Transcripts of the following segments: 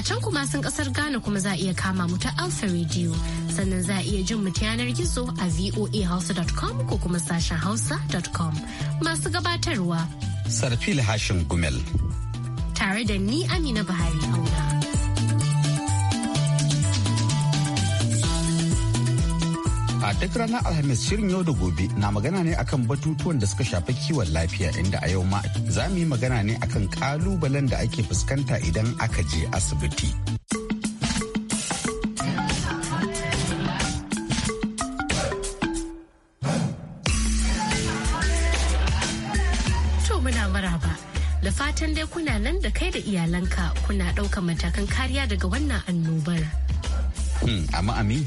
A can kuma sun kasar Ghana kuma za a iya kama mu ta Alpha Radio. Sannan za a iya jin mu ta yanar gizo a voahausa.com ko kuma sashen hausa.com. Masu gabatarwa. Sarfil Hashim Gumel. Tare da ni Amina Buhari Auna. A duk ranar Alhamis shirin yau da gobe na magana ne akan batutuwan da suka shafi kiwon lafiya inda a yau ma za mu yi magana ne akan kalubalen da ake fuskanta idan aka je asibiti. da fatan dai kuna nan da kai da iyalanka kuna ɗaukar matakan kariya daga wannan annobar. Hmm, amma ami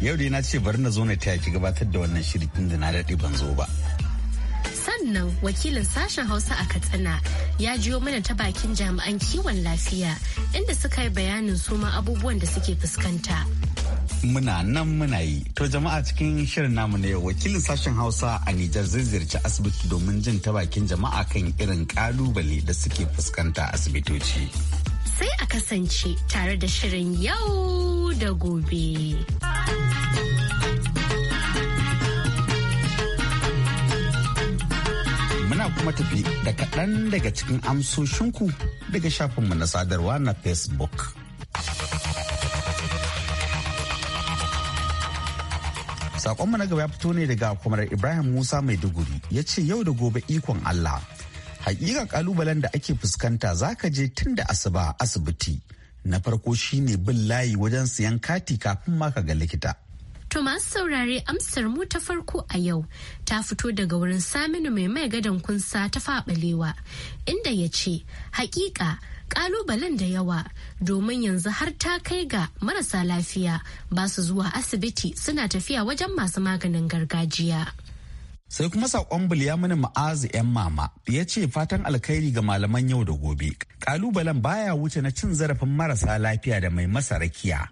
yau dai na ce bari na zo na taya ki gabatar da wannan shiri da na daɗe ban zo ba. Sannan wakilin sashen Hausa a Katsina ya jiyo mana ta bakin jami'an kiwon lafiya inda suka yi bayanin suma abubuwan da suke fuskanta. Muna nan muna yi. To jama'a cikin shirin namu na yau wakilin sashen Hausa a Nijar zai ziyarci asibiti domin jin ta bakin jama'a kan irin kalubale da suke fuskanta asibitoci. Sai a kasance tare da shirin yau da gobe. kuma tafi da kaɗan daga cikin amsoshinku daga shafinmu na sadarwa na Facebook. Sakonmu na gaba ya fito ne daga kwamar Ibrahim Musa Maiduguri ya ce yau da gobe ikon Allah. Hakika kalubalen da ake fuskanta za ka je tun da asuba asibiti. Na farko shine bin layi wajen siyan kati kafin ma ka ga likita. To masu saurare amsar mu ta farko a yau ta fito daga wurin Saminu mai mai gadon kunsa ta faɓalewa inda ya ce, "Hakika kalubalen da yawa domin yanzu har ta kai ga marasa lafiya ba su zuwa asibiti suna tafiya wajen masu maganin gargajiya. sai kuma saƙon mini ma'azi 'yan mama ya ce fatan alkhairi ga malaman yau da gobe kalubalen baya wuce na cin zarafin marasa lafiya da mai masa rakiya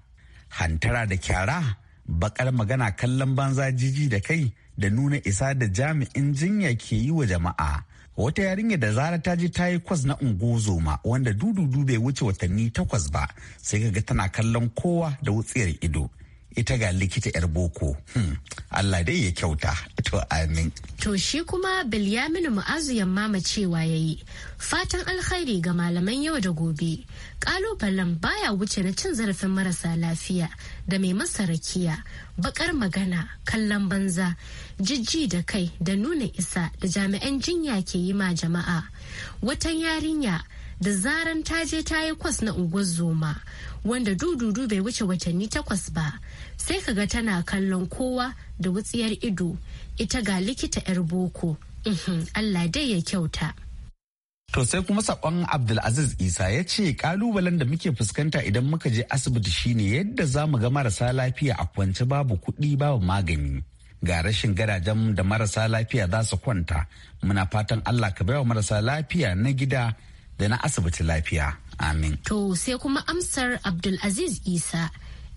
hantara da kyara bakar magana kallon banza jiji da kai da nuna isa da jami'in jinya ke yi wa jama'a wata yarinya da zara ta ji ta yi kwas na ungozoma wanda dududu bai wuce watanni takwas ba sai ga tana kallon kowa da wutsiyar ido ita ga likita 'yar boko hmm. Allah dai ya kyauta to amin to shi kuma bilyaminu mu'azu yamma cewa yayi fatan alkhairi ga malaman yau da gobe kalubalen baya wuce na cin zarafin marasa lafiya da mai masa rakiya bakar magana kallon banza jijji da kai da nuna isa da jami'an jinya ke yi ma jama'a watan yarinya da zaran ta je ta yi kwas na unguwar zoma wanda dududu bai wuce watanni takwas ba sai ka ga tana kallon kowa da wutsiyar ido ita ga likita 'yar boko uhm, Allah dai ya kyauta. To sai kuma sakon Abdulaziz Isa ya ce kalubalen da muke fuskanta idan muka je asibiti shine yadda za mu ga marasa lafiya a kwance babu kuɗi babu magani. Ga rashin gadajen da marasa lafiya za su kwanta. Muna fatan Allah ka bai wa marasa lafiya na gida da na asibiti lafiya amin to sai kuma amsar abdulaziz isa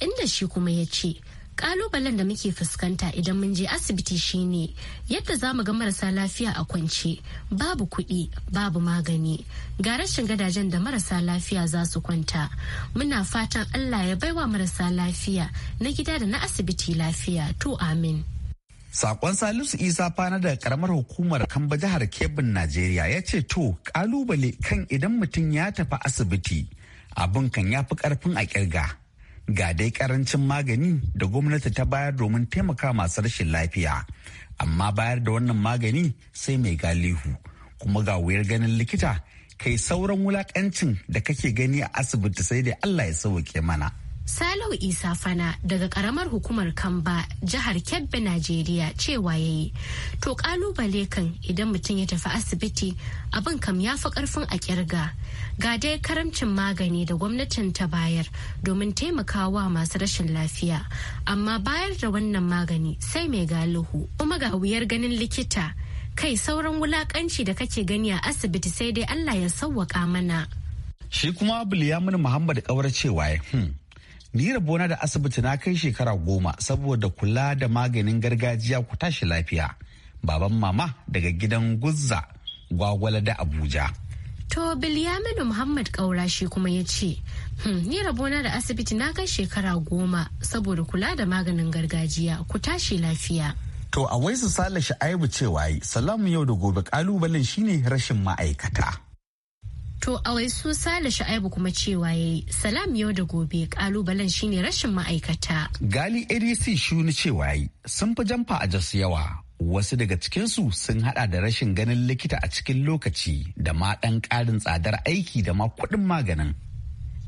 inda shi kuma ya ce kalubalen da muke fuskanta idan mun je asibiti shine yadda za mu ga marasa lafiya a kwance babu kuɗi babu magani ga rashin gadajen da marasa lafiya za su kwanta muna fatan allah ya baiwa marasa lafiya na gida da na asibiti lafiya to amin Sakon Salisu Isa fana daga karamar hukumar Kamba jihar Kebbin Najeriya ya ce to kalubale kan idan mutum ya tafi asibiti abin kan ya fi karfin a kirga. Ga dai karancin magani da gwamnati ta bayar domin taimaka masu rashin lafiya. Amma bayar da wannan magani sai mai galihu kuma ga wuyar ganin likita kai sauran wulakancin da kake gani a asibiti sai dai Allah ya sauke mana. salihu Isa Fana daga karamar hukumar Kamba jihar Kebbi Najeriya cewa ya yi. To kalubale kan idan mutum ya tafi asibiti abin kam ya fi karfin a kirga. Ga dai karamcin magani da gwamnatin ta bayar domin taimakawa masu rashin lafiya. Amma bayar da wannan magani sai mai galihu kuma ga wuyar ganin likita. Kai sauran wulakanci da kake gani a asibiti sai dai Allah ya sauwaka mana. Shi kuma Buliyamin Muhammad kawar cewa hmm. Ni rabona da asibiti na kai shekara goma saboda kula da maganin gargajiya ku tashi lafiya. Baban mama daga gidan Guzza gwagwala da Abuja. To Bilyaminu Muhammad Kaura shi kuma ya ce, hmm, ni rabona da asibiti na kai shekara goma saboda kula da maganin gargajiya ku tashi lafiya. To a wai waisu sale sha'aibu cewa salamu yau da gobe kalubalen shine rashin ma'aikata. To awai su Sale Sha'aibu kuma cewa yayi salam yau da gobe kalubalen shine rashin ma'aikata. Gali ADC shuni cewa yayi sun fi jamfa a Jos yawa. Wasu daga cikinsu sun hada da rashin ganin likita a cikin lokaci da ma dan karin tsadar aiki da ma kuɗin maganin.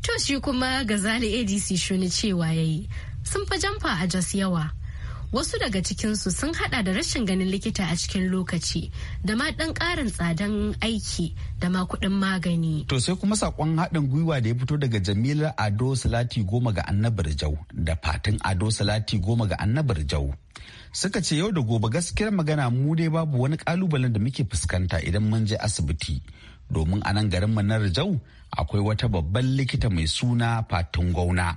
To shi kuma ga Zali ADC shuni cewa yayi sun fi jamfa a Jos yawa. wasu daga cikinsu sun hada da rashin ganin likita a cikin lokaci da ma dan karin tsadan aiki da ma kudin magani to sai kuma sakon haɗin gwiwa da ya fito daga jamila ado salati goma ga annabar jau da fatin ado salati goma ga annabar jau suka ce yau da gobe gaskiyar magana mu dai babu wani kalubalen da muke fuskanta idan mun je asibiti domin a nan garin mu na rijau akwai wata babban likita mai suna fatin gwauna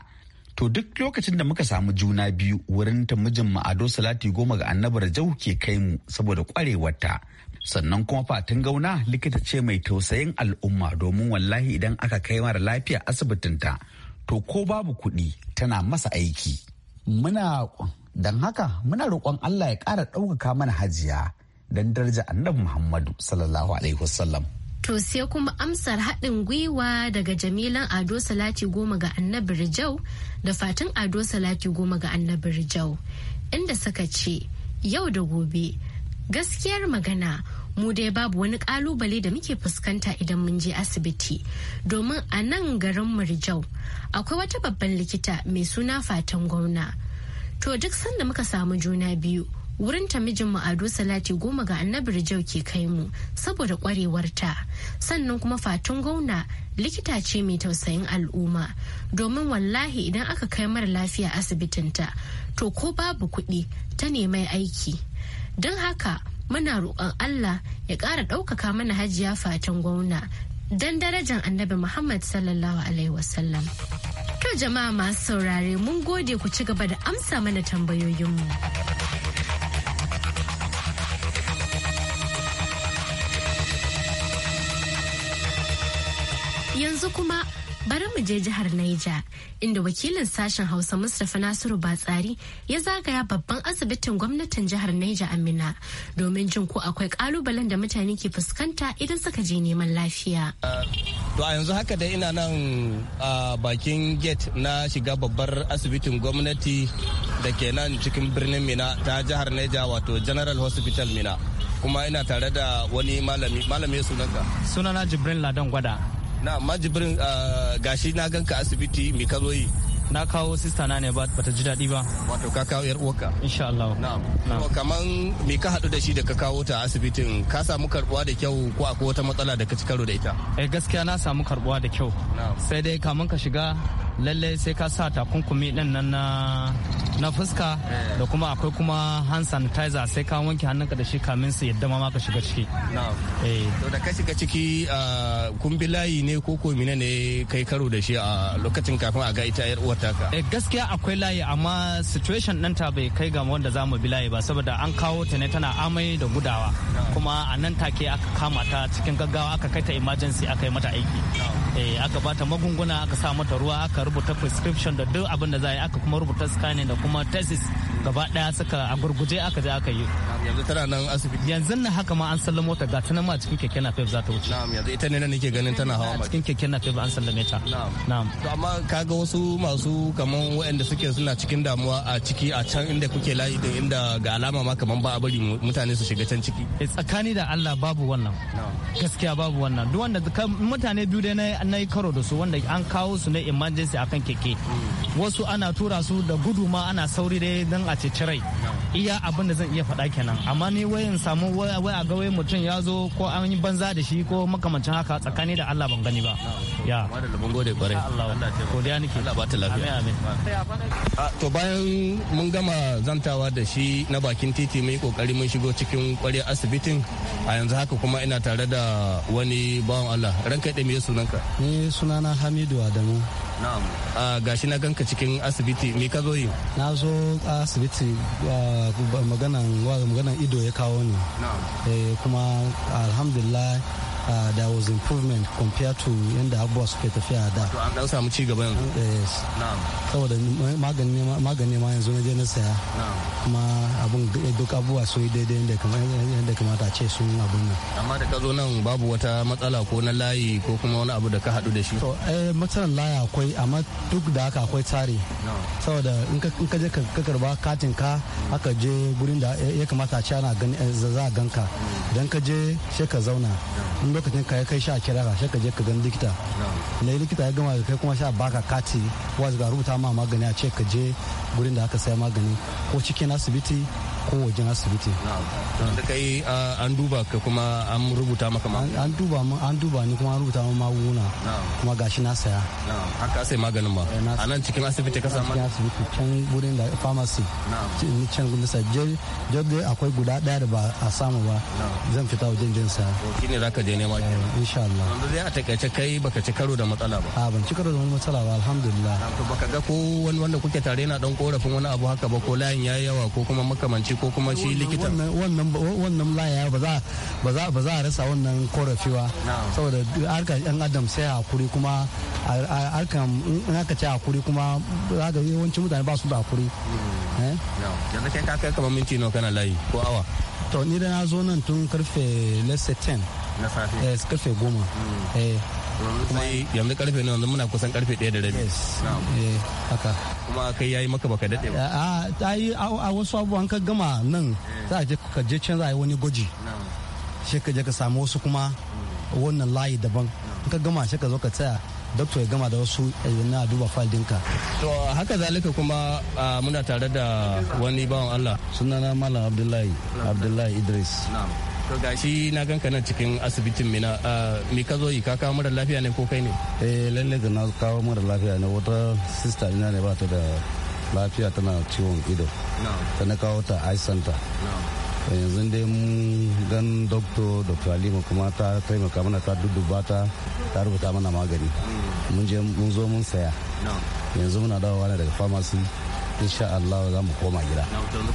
to duk lokacin da muka samu juna biyu wurin ta mijin ado salati goma ga annabar jau ke kai mu saboda kwarewarta sannan kuma fatin gauna likita ce mai tausayin al'umma domin wallahi idan aka kai mara lafiya asibitinta to ko babu kuɗi tana masa aiki muna don haka muna roƙon Allah ya ƙara ɗaukaka mana hajiya don daraja annabi Muhammadu sallallahu alaihi wasallam. To sai kuma amsar haɗin gwiwa daga jamilan Ado Salati goma ga annabi Rijau da fatan Ado Salati goma ga annabi Rijau inda suka ce yau da gobe gaskiyar magana mu dai babu wani ƙalubale da muke fuskanta idan mun je asibiti domin a nan garin Murjau akwai wata babban likita mai suna fatan gwamna. To duk sanda muka samu juna biyu wurin ta mijinmu ado salati goma ga annabi rijau ke kai mu saboda kwarewarta sannan kuma fatun gauna likita ce mai tausayin al'umma domin wallahi idan aka kai mara lafiya asibitinta to ko babu kuɗi ta nemai aiki don haka muna roƙon allah ya ƙara ɗaukaka mana hajiya fatan gwauna don darajan annabi muhammad sallallahu alaihi wasallam to jama'a masu saurare mun gode ku ci gaba da amsa mana tambayoyinmu. Yanzu kuma bari mu je jihar Naija inda wakilin sashen Hausa Mustapha Nasiru Batsari ya zagaya babban asibitin gwamnatin jihar Naija Amina domin jin ko akwai kalubalen da mutane ke fuskanta idan suka je neman lafiya. To a yanzu haka dai ina nan a bakin gate na shiga babbar asibitin gwamnati da ke nan cikin birnin Mina ta jihar Naija wato General Hospital Mina. kuma ina tare da wani malami malami sunanka sunana Jibrin ladan gwada na majibirin ah, gashi na ganka asibiti me ka yi na kawo sista na ne ba ta ji daɗi ba wato ka kawo yar uwarka insha Allah na'am to kaman me ka haɗu da shi da ka kawo ta asibitin ka samu karbuwa da kyau ko akwai wata matsala da ka ci karo da ita eh gaskiya na samu karbuwa da kyau sai dai kaman ka shiga lalle sai ka sa takunkumi din nan na na fuska eh. da kuma akwai kuma hand sanitizer sai ka wanke hannunka da shi kamin su yadda ma ka shiga ciki eh. to da ka shiga ciki ah, kun bi layi ne ko ko mine ne kai karo da shi a lokacin kafin a ga ita yar uwa. ka. Eh, gaskiya akwai layi amma situation ta bai kai ga wanda za mu bi layi ba saboda an kawo ta ne tana amai da gudawa kuma a nan take aka kama ta cikin gaggawa aka kai ta emergency aka yi mata aiki eh, aka bata magunguna aka sa mata ruwa aka rubuta prescription da duk abin da za a yi aka kuma rubuta scanning da kuma tesis gaba daya suka a gurguje aka je aka yi yanzu tana nan asibiti yanzu na haka ma an sallamo ta ga tana ma cikin keke napep za ta wuce na'am yanzu ita ne nan nake ganin tana hawa cikin keke napep an sallame ta na'am to amma kaga wasu masu kaman waɗanda suke suna cikin damuwa a ciki a can inda kuke layi da inda ga alama ma kaman ba a bari mutane su shiga can ciki eh, tsakani da Allah babu wannan gaskiya babu wannan duk wanda mutane biyu dai na yi karo da su wanda an kawo su ne emergency akan keke hmm. wasu ana tura su da gudu ma ana sauri dai don a a ceci rai iya abin da zan iya faɗa kenan amma ni wayan samu wai a ga wai mutum ya zo ko an yi banza da shi ko makamancin haka tsakani da Allah ban gani ba ya mun gode kwarai Allah godiya nake Allah ba to bayan mun gama zantawa da shi na bakin titi mai kokari mun shigo cikin kwarai asibitin a yanzu haka kuma ina tare da wani bawan Allah ranka da me sunanka ni sunana Hamidu Adamu na'am gashi na ganka cikin asibiti me ka zo yi na zo asibiti maganan maganan ido ya kawo ni na'am eh, kuma alhamdulillah uh, there was improvement compared to yadda abubuwa suke tafiya da to an dan samu ci gaba yanzu yes na'am saboda magani magani ma yanzu na je na saya na'am kuma abun duk abubuwa su yi daidai yadda kamata kamata ce sun abun nan amma da ka zo nan babu wata matsala ko na layi ko kuma wani abu da ka hadu da shi to eh matsalan layi akwai amma duk da haka akwai tsari saboda in ka je ka karba katin ka aka je gurin da ya kamata a ci ana eh, za a ganka mm. idan ka je sai ka zauna in lokacin ka kai sha kira ka sai ka je ka gan likita na likita ya gama da kai kuma sha baka kati wa ga rubuta ma magani a ce ka je gurin da aka saya magani ko cikin asibiti ko asibiti da kai an duba ka kuma an rubuta maka magunguna an duba an duba ni kuma an rubuta maka magunguna kuma gashi na saya ka sai maganin ma eh, a nan cikin asibiti ka samu cikin asibiti can wurin da pharmacy ni can nisa jirgin akwai guda daya da ba a samu ba zan fita wajen jin saya ki ne zaka je nema eh, insha Allah wanda zai a takaice kai baka ci karo da matsala ba a ah, ban ci karo da wani matsala ba alhamdulillah baka ga ko wani wanda kuke tare na dan korafin wani abu haka ba ko layin yayi yawa ko kuma makamanci shi ko kuma shi likita wannan wannan laya ba za ba za a rasa wannan korafi saboda harkar yan adam sai hakuri kuma harkar in aka ce hakuri kuma za ga yawancin mutane ba su da hakuri hmm. eh? yanzu kai ka kai kamar minti nawa kana layi ko awa to ni da na zo nan tun karfe less 10 na safe eh karfe goma hmm. eh. kuma yanzu karfe ne yanzu muna kusan karfe ɗaya da rabi eh haka kuma kai yayi maka baka dade ba ah, ah, a ta yi a wasu abubuwan ka gama nan eh. za a je ka je can za a yi wani gwaji sai ka je ka samu wasu kuma hmm. wannan layi daban ka gama sai ka zo ka tsaya doctor ya gama da wasu eh, na duba file dinka. To haka zalika kuma ah, muna tare da wani bawan Allah. Sunana Malam Abdullahi, Abdullahi Idris. to gashi na ganka nan cikin asibitin mina ah, me ka zo yi ka kawo mara lafiya ne ko kai ne eh lalle da na kawo mara lafiya ne wata sister ina ne ba ta da lafiya tana ciwon ido ta na kawo ta ice center yanzu dai mun gan doktor da halima kuma ta taimaka mana ta dudduba ta ta rubuta mana magani mm. mun je mun zo mun saya yanzu muna dawowa ne daga pharmacy insha Allah za mu koma gida.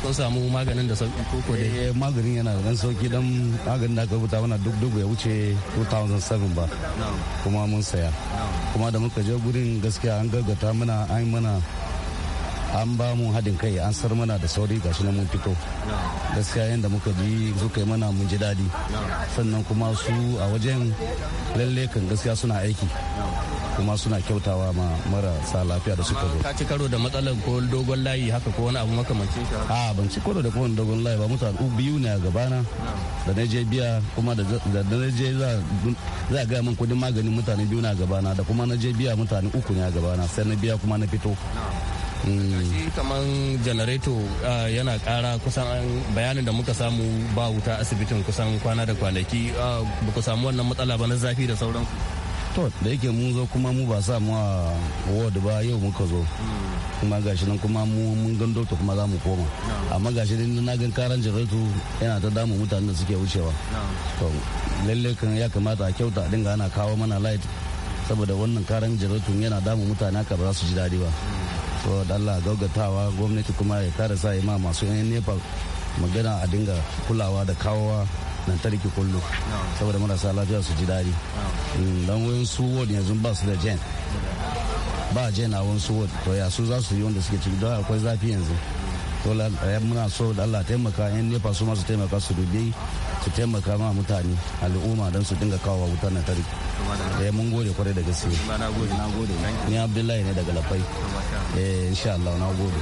kun samu maganin da sauki ko ko dai? Eh, maganin yana da dan sauki dan maganin da aka rubuta mana duk duk ya wuce 2007 ba. Kuma mun saya. Kuma da muka je gurin gaskiya an gaggata mana an mana an ba mu haɗin kai an sar mana da sauri shi na mun fito gaskiya yadda muka bi suka yi mana mun ji daɗi sannan kuma su a wajen lalle kan gaskiya suna aiki kuma suna kyautawa ma marasa lafiya da suka zo ka ci karo da matsalar ko dogon layi haka ko wani abu makamancin a ban ci karo da ko dogon layi ba mutane biyu ne a gabana da na je biya kuma da na je za a gaya min kudin maganin mutane biyu na gabana da kuma na je biya mutane uku ne a gabana sai na biya kuma na fito kashi kamar janareto ah, yana kara kusan bayanin da muka samu ba wuta asibitin kusan kwana da kwanaki ah, ba ku samu wannan matsala ba na zafi da sauran to da yake mun zo kuma mu ba sa mu a ward ba yau muka zo kuma gashi nan kuma mu mun gan doctor kuma za mu koma amma gashi nan na gan karan jaratu yana ta damu mutanen da suke wucewa to lalle kan ya kamata a kyauta dinga ana kawo mana light saboda wannan karan jaratun yana damu mutane ka ba za su ji daɗi ba hmm. to da Allah gaugatawa gwamnati kuma ya kara sa ima masu yan nefa magana a dinga kulawa da kawowa lantarki kullum saboda marasa lafiya su ji daɗi mm, don wayan su ward yanzu ba su da jen ba jen a wani su ward to ya su za su yi wanda suke ciki don akwai zafi yanzu dole eh, muna so da Allah taimaka yan nefa su masu taimaka su dubi su taimaka ma mutane al'umma don su dinga kawo wutar lantarki ya eh, mun gode kwarai da gaske na gode ni Abdullahi ne daga Lafai eh insha Allah na gode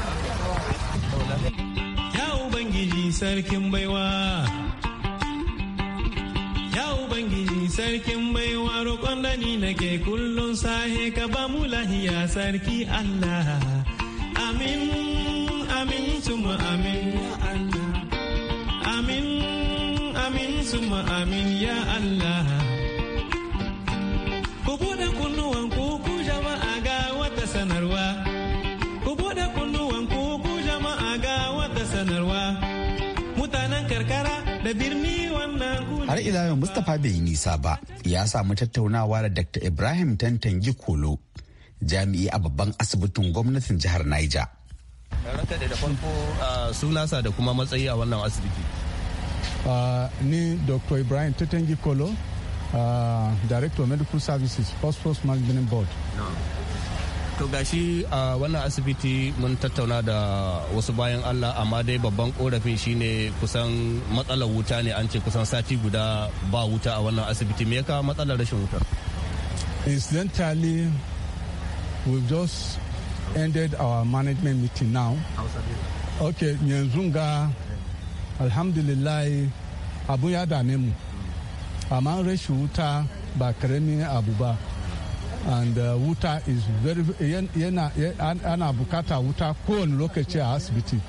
ya ubangiji sarkin baiwa ya ubangiji sarkin baiwa roƙon da ni nake kullum sahe ka ba mu lahiya sarki Allah amin ya Allah amin amin amin karkara da birni wannan har ila yau Mustapha bai yi nisa ba ya samu tattaunawa da Dr. Ibrahim Tantangi Kolo jami'i a babban asibitin gwamnatin jihar Niger Ranka da da kuma matsayi a wannan asibiti. Ni Dr. Ibrahim Tetengi Kolo, Director of Medical Services, First Force Management Board. To gashi a wannan asibiti mun tattauna da wasu bayan Allah amma dai babban korafin shine kusan matsalar wuta ne an ce kusan sati guda ba wuta a wannan asibiti me ya matsalar rashin wuta. Incidentally, we just ended our management meeting now. Okay, yanzu ga alhamdulillah abu ya dame mu. Amma rashin wuta ba karamin and uh, wuta is very yana ana bukata wuta kowane lokaci a asibiti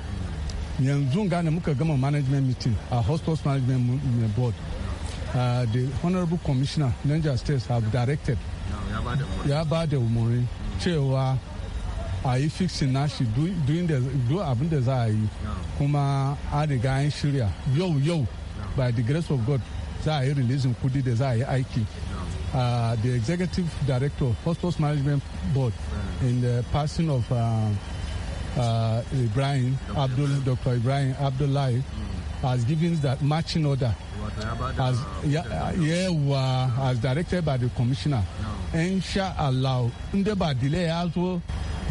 yanzu gane gama management meeting a hostels management board uh, the honorable commissioner niger state have directed yabade ba da umarni a yi doing nashi duk abin da za a yi kuma an riga an shirya yau yau by the grace of god za a yi releasing kudi da za a yi aiki uh, the executive director of hospitals management board in the passing of uh, uh, Ibrahim Abdul Dr. Ibrahim Abdullahi mm. has given that matching order as yeah, yeah uh, as directed by the commissioner. Insha Allah, in the delay as well.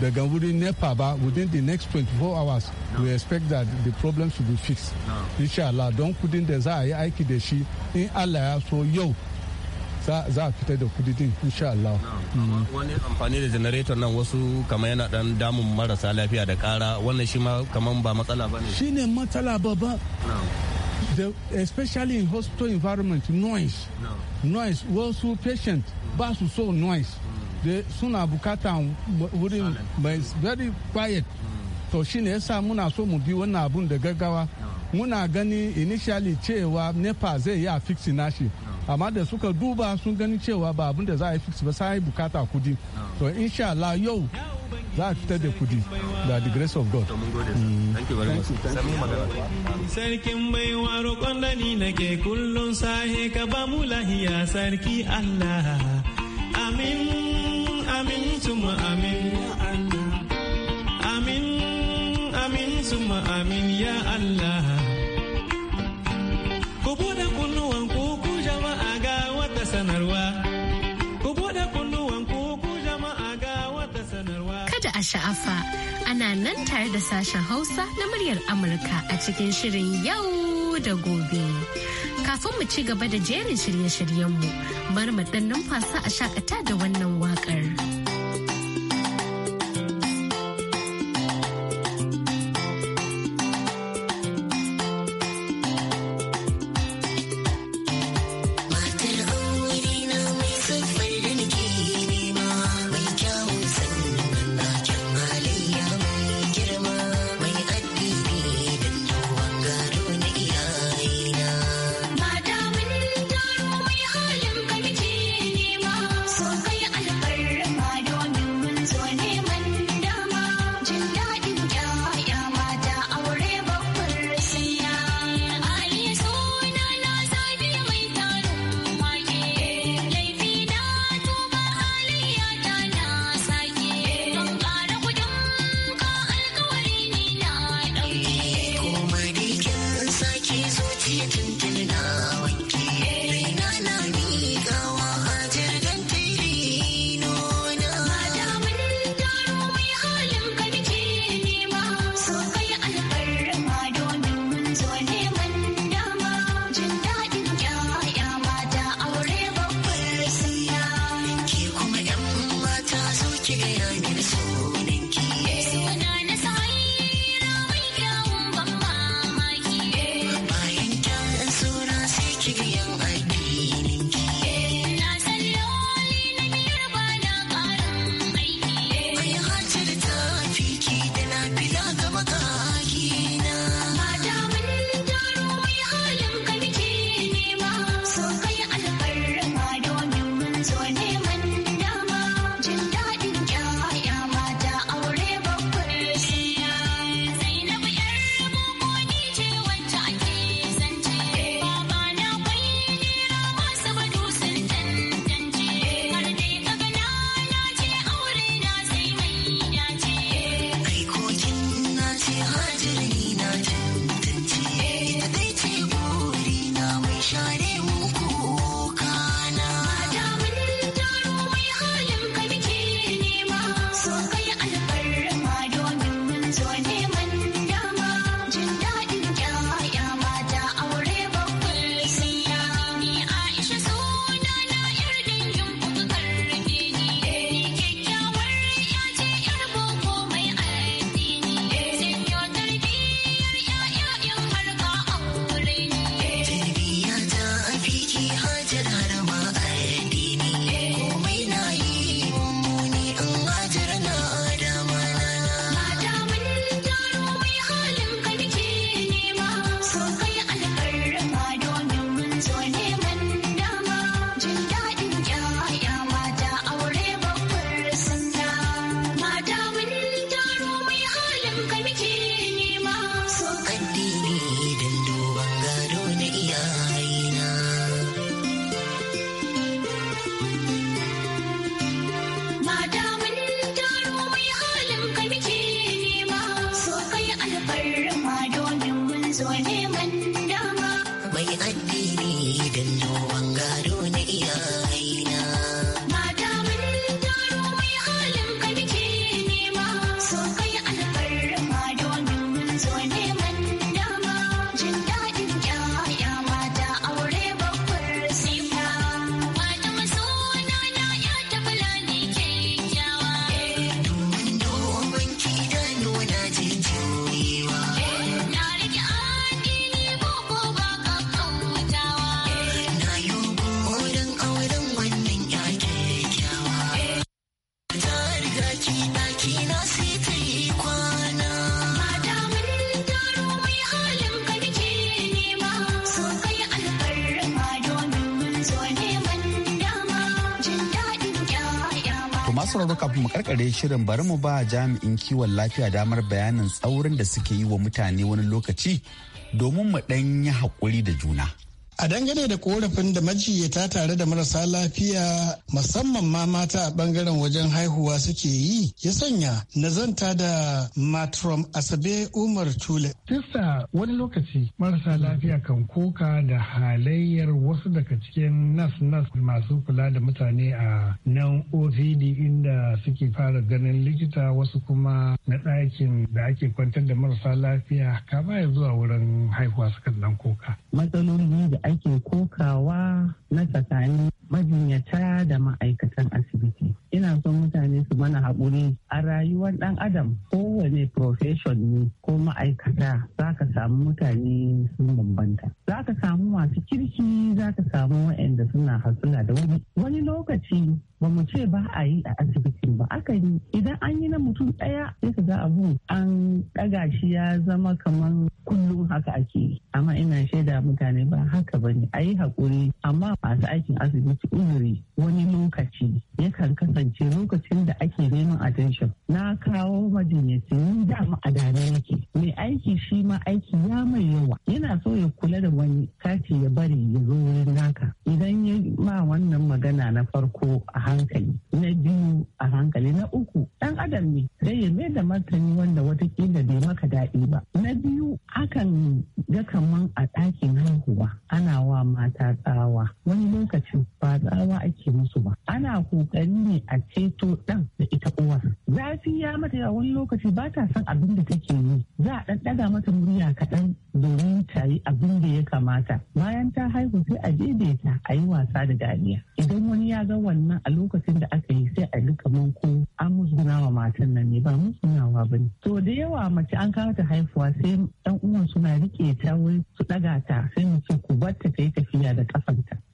daga wurin nepa ba within the next 24 hours no. we expect that the problem should be fixed no. insha Allah don kudin da za a yi aiki da shi in Allah ya so yau za a fitar da kudin insha Allah. Wani amfani da generator nan wasu kamar yana dan damun marasa lafiya da kara wannan shi ma kamar ba matsala ba ne. Shi ne matsala babba. especially in hospital environment noise. No. Noise wasu patient ba su so noise. Mm. da suna bukatan wurin mai very quiet hmm. to shine yasa muna so mu bi wannan abun da gaggawa hmm. muna gani initially cewa nepa zai yi a fixi nashi hmm. amma da suka duba sun gani cewa ba abun da za a yi fix ba sai bukata kudi to insha yau za a fitar da kudi da the grace of God. Sarkin baiwa roƙon da nake kullum ka ba lahiya sarki amin amin amin kada a sha'afa ana nan tare da sashen Hausa na muryar Amurka a cikin shirin yau da gobe kafin mu ci gaba da jerin shirye-shiryenmu bari mu ɗan numfasa a shakata da wannan waƙar. kafin mu karkare shirin bari mu ba jami'in kiwon lafiya damar bayanin tsaurin da suke yi wa mutane wani lokaci domin mu ɗan yi haƙuri da juna. A dangane da korafin da majiyyata tare da marasa lafiya musamman ma mata a bangaren wajen haihuwa suke yi ya sanya na zanta da matrom asabe umar tule. Sista wani lokaci marasa lafiya kan koka da halayyar wasu daga cikin nas nas masu kula da mutane a nan OVD inda suke fara ganin likita wasu kuma na ɗakin da ake kwantar da marasa lafiya kama ya zuwa wurin haihuwa sukan dan koka. aikin kokawa na tsakanin majinyata da ma'aikatan asibiti ina son mutane su mana haƙuri a rayuwar ɗan adam kowane profession ne ko ma'aikata za ka samu mutane sun bambanta za ka samu masu kirki za ka samu waɗanda suna hasula da wani wani lokaci ba mu ce ba a yi a asibitin ba aka yi idan an yi na mutum ɗaya sai ka a abu an ɗaga shi ya zama kamar kullum haka ake yi amma ina shaida mutane ba haka bane a yi haƙuri amma masu aikin asibiti uzuri wani lokaci yakan kasance kasance lokacin da ake neman attention na kawo majinyaci ni dama a yake mai aiki shi ma aiki ya mai yawa yana so ya kula da wani kati ya bari ya zo wurin naka idan ya ma wannan magana na farko a hankali na biyu a hankali na uku dan adam ne sai ya mai da martani wanda watakila bai maka daɗi ba na biyu hakan ga kaman a ɗakin haihuwa ana wa mata tsawa wani lokacin ba tsawa ake musu ba ana kokari ne a ceto ɗan da ita uwar zafi ya mata yawa wani lokaci ba ta san abin da take yi za a ɗan ɗaga mata murya kaɗan domin ta yi abin da ya kamata bayan ta haihu sai a daidaita a yi wasa da dariya idan wani ya ga wannan a lokacin da aka yi sai a duka manko an musguna wa matan nan ne ba musgunawa ba ne. To da yawa mace an kawo ta haifuwa sai ɗan uwan suna rike ta wai su ɗaga ta sai mu ce ku bar ta yi tafiya da ta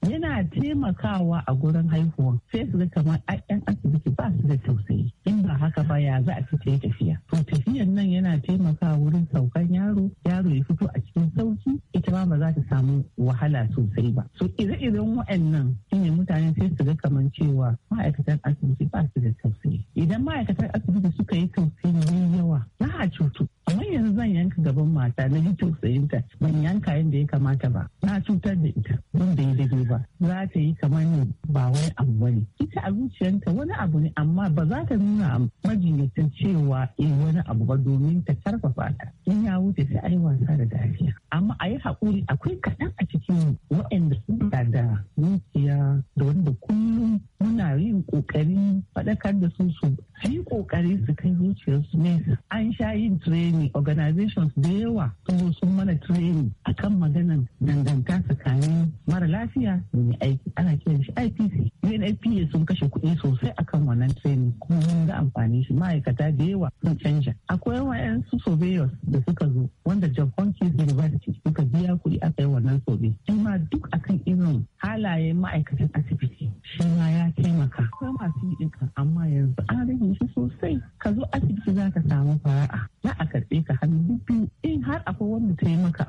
Yana taimakawa a gurin haihuwa sai su ga kamar ɗan asibiti ba su da tausayi in ba haka ba ya za a ci ta yi tafiya. To tafiyan nan yana taimakawa wurin saukan yaro yaro ya fito a cikin sauki ita ba za ta samu wahala sosai ba so ire-iren waɗannan shine mutane sai su ga kamar cewa ma'aikatan asibiti ba su da tausayi idan ma'aikatan asibiti suka yi tausayi mai yawa za a cutu kamar yanzu zan yanka gaban mata na ji tausayinta ban yanka yadda ya kamata ba na cutar da ita ban da daidai ba za ta yi kamar ne ba wai abu bane ita a zuciyarta wani abu ne amma ba za ta nuna majinyacin cewa eh wani abu ba domin ta karfafa ta in ya wuce sai ai wasa da dariya amma a yi haƙuri akwai kaɗan a cikin waɗanda suka da zuciya da wanda kullum muna yin kokarin faɗakar da su su yi kokari su kai su nesa an sha yin training organizations da yawa sun sun mana training akan maganan danganta tsakanin mara lafiya da mai aiki ana kiran shi IPC UNFPA sun kashe kuɗi sosai akan wannan training kuma mun ga amfani shi ma'aikata da yawa sun canja akwai su surveyors da suka zo wanda John Hopkins University suka biya kuɗi aka yi wannan sobe iyayen ma'aikatan asibiti shi ma ya taimaka akwai masu yi ɗinka amma yanzu an rage shi sosai ka zo asibiti za ka samu fara'a za a karɓe ka hannu biyu in har akwai wanda ta yi maka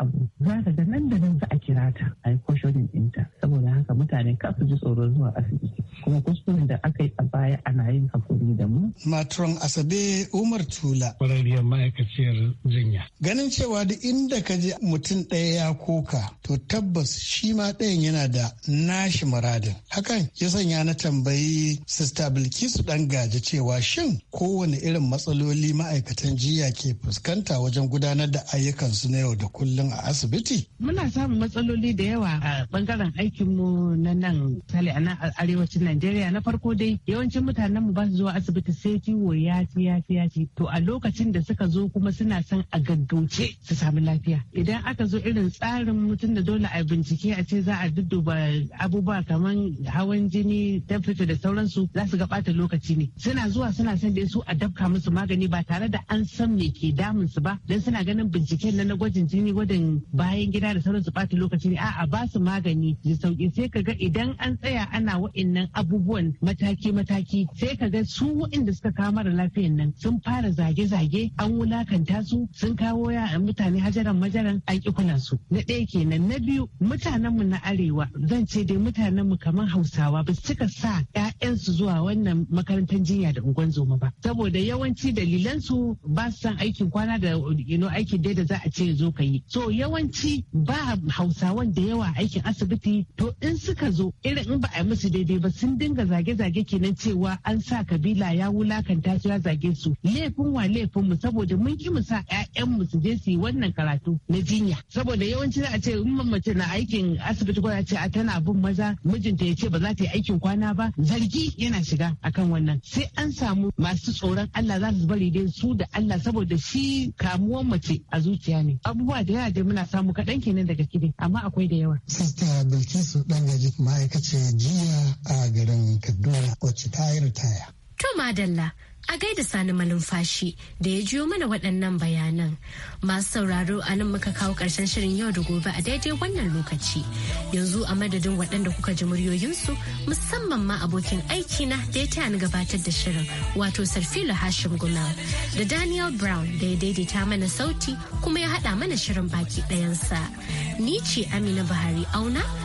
matron asabe umar tula ƙwararriyar ma'aikaciyar jinya ganin cewa da inda ka ji mutum ɗaya ya koka to tabbas shi ma ɗayan yana da nashi muradin hakan ya sanya na tambayi sista bilkisu ɗan gaji cewa shin kowane irin matsaloli ma'aikatan jiya ke fuskanta wajen gudanar da ayyukansu na yau da kullum a asibiti muna samun matsaloli da yawa a bangaren aikinmu na nan sale a nan arewacin najeriya na farko dai yawancin mutanenmu ba su zuwa asibiti sai sai ciwo ya ci ya ci ya ci to a lokacin da suka zo kuma suna son a gaggauce su sami lafiya idan aka zo irin tsarin mutum da dole a bincike a ce za a dudduba abubuwa kamar hawan jini temperature da sauransu za su ga bata lokaci ne suna zuwa suna son da su a dafka musu magani ba tare da an san me ke damun su ba dan suna ganin binciken na gwajin jini gwajin bayan gida da sauransu bata lokaci ne a'a ba su magani da sauki sai kaga idan an tsaya ana wa'annan abubuwan mataki mataki sai ka ga su wa'inda suka kawo mara lafiyan nan sun fara zage-zage an wulakanta su sun kawo ya mutane hajaran majaran an kula su na ɗaya kenan na biyu mutanenmu na arewa zan ce dai mutanenmu kamar hausawa ba su cika sa 'ya'yansu zuwa wannan makarantar jinya da unguwan zoma ba saboda yawanci dalilansu ba su san aikin kwana da aikin dai da za a ce zo ka yi so yawanci ba hausawan da yawa aikin asibiti to in suka zo irin in ba a yi musu daidai ba sun dinga zage-zage kenan cewa an sa kabila ya wula wulakanta su ya zage su laifin wa laifin mu saboda mun ki mu sa ƴaƴan mu su je su yi wannan karatu na jinya saboda yawanci za a ce in mace na aikin asibiti ko ce a tana bin maza mijinta ya ce ba za ta yi aikin kwana ba zargi yana shiga akan wannan sai an samu masu tsoron Allah za su bari dai su da Allah saboda shi kamuwan mace a zuciya ne abubuwa da yawa da muna samu kaɗan kenan daga kidi amma akwai da yawa. Sista Bilkisu gaji ma'aikaciyar jiya a garin Kaduna wacce ta yi ritaya. To madalla a gaida sani malumfashi da ya jiyo mana waɗannan bayanan. Masu sauraro a nan muka kawo ƙarshen shirin yau da gobe a daidai wannan lokaci. Yanzu a madadin waɗanda kuka ji muryoyinsu musamman ma abokin aikina da ya taya ni gabatar da shirin wato sarfilo Hashim Gumal da Daniel Brown da ya daidaita mana sauti kuma ya haɗa mana shirin baki ɗayansa. Ni ce Amina Buhari Auna.